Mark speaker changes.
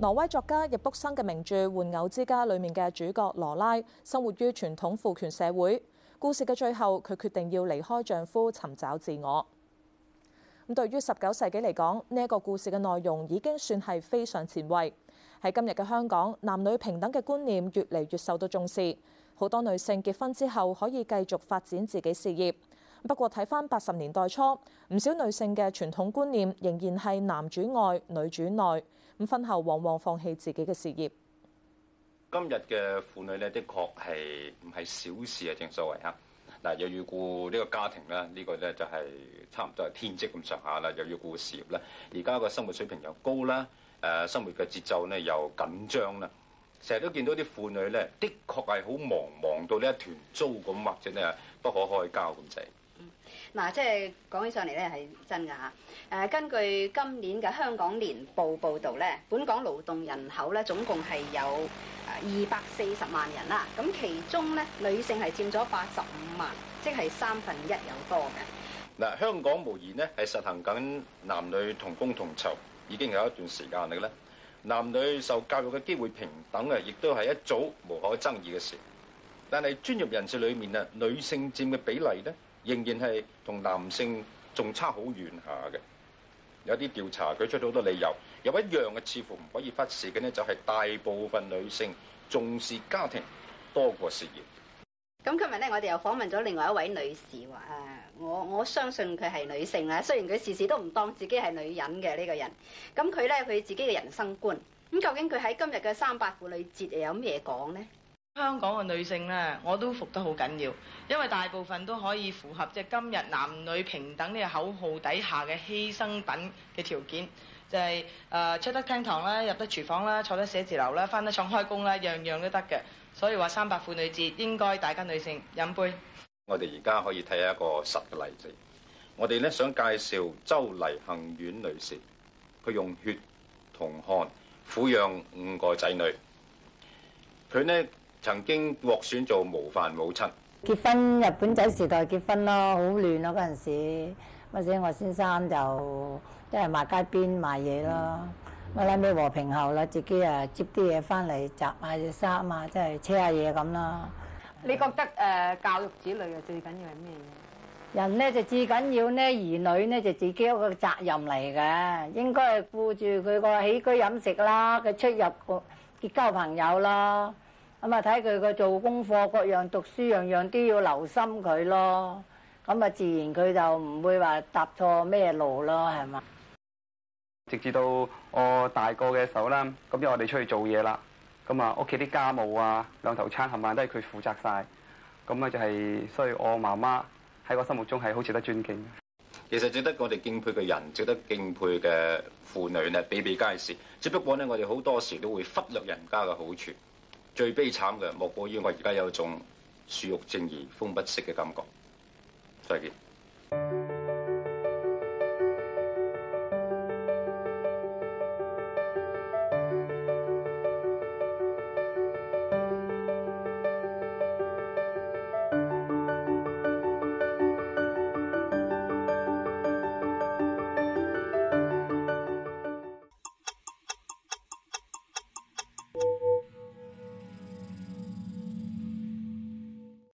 Speaker 1: 挪威作家易卜生嘅名著《玩偶之家》裏面嘅主角羅拉生活於傳統父權社會。故事嘅最後，佢決定要離開丈夫，尋找自我。咁對於十九世紀嚟講，呢、這、一個故事嘅內容已經算係非常前衛。喺今日嘅香港，男女平等嘅觀念越嚟越受到重視，好多女性結婚之後可以繼續發展自己事業。不過睇翻八十年代初，唔少女性嘅傳統觀念仍然係男主外女主內。五婚後往往放棄自己嘅事業。
Speaker 2: 今日嘅婦女咧，的確係唔係小事啊，正所謂啊嗱，又要顧呢個家庭啦，呢個咧就係差唔多係天職咁上下啦，又要顧事業啦。而家個生活水平又高啦，誒，生活嘅節奏咧又緊張啦，成日都見到啲婦女咧的確係好忙，忙到呢一團糟咁，或者咧不可開交咁滯。
Speaker 3: 嗱、嗯，即係講起上嚟咧，係真噶吓。誒，根據今年嘅香港年報報道咧，本港勞動人口咧總共係有誒二百四十萬人啦。咁其中咧，女性係佔咗八十五萬，即係三分一有多嘅。
Speaker 2: 嗱，香港無疑呢係實行緊男女同工同酬，已經有一段時間嚟嘅咧，男女受教育嘅機會平等啊，亦都係一早無可爭議嘅事。但係專業人士裏面啊，女性佔嘅比例咧？仍然係同男性仲差好遠下嘅，有啲調查佢出咗好多理由，有一樣嘅似乎唔可以忽視嘅呢，就係大部分女性重視家庭多過事業。
Speaker 3: 咁今日咧，我哋又訪問咗另外一位女士話誒，我我相信佢係女性啦，雖然佢時時都唔當自己係女人嘅呢個人。咁佢咧，佢自己嘅人生觀，咁究竟佢喺今日嘅三八婦女節有咩講呢？
Speaker 1: 香港嘅女性咧，我都服得好緊要，因為大部分都可以符合即係今日男女平等呢個口號底下嘅犧牲品嘅條件，就係、是、誒、呃、出得廳堂啦，入得廚房啦，坐得寫字樓啦，翻得廠開工啦，樣樣都得嘅。所以話三八婦女節，應該大家女性飲杯。
Speaker 2: 我哋而家可以睇下一個實嘅例子，我哋咧想介紹周麗杏苑女士，佢用血同汗撫養五個仔女，佢呢。曾經獲選做模範母親。
Speaker 4: 結婚日本仔時代結婚咯，好亂咯嗰陣時。或者我先生就即係賣街邊賣嘢咯。咪拉咩和平後啦，自己誒接啲嘢翻嚟，擸下啲衫啊，即係車下嘢咁啦。你覺得誒、呃、教育子女啊，最緊要係咩嘢？人咧就最緊要咧，兒女咧就自己一個責任嚟嘅，應該係顧住佢個起居飲食啦，佢出入個結交朋友啦。咁啊！睇佢個做功課，各樣讀書，樣樣都要留心佢咯。咁啊，自然佢就唔會話踏錯咩路咯，係嘛？
Speaker 2: 直至到我大個嘅時候啦，咁因為我哋出去做嘢啦，咁啊，屋企啲家務啊、兩頭餐，冚唪唥都係佢負責晒。咁啊、就係，就係所以我媽媽喺我心目中係好值得尊敬。其實值得我哋敬佩嘅人，值得敬佩嘅婦女呢，比比皆是。只不過呢，我哋好多時都會忽略人家嘅好處。最悲慘嘅，莫過於我而家有一種樹欲靜而風不息嘅感覺。再見。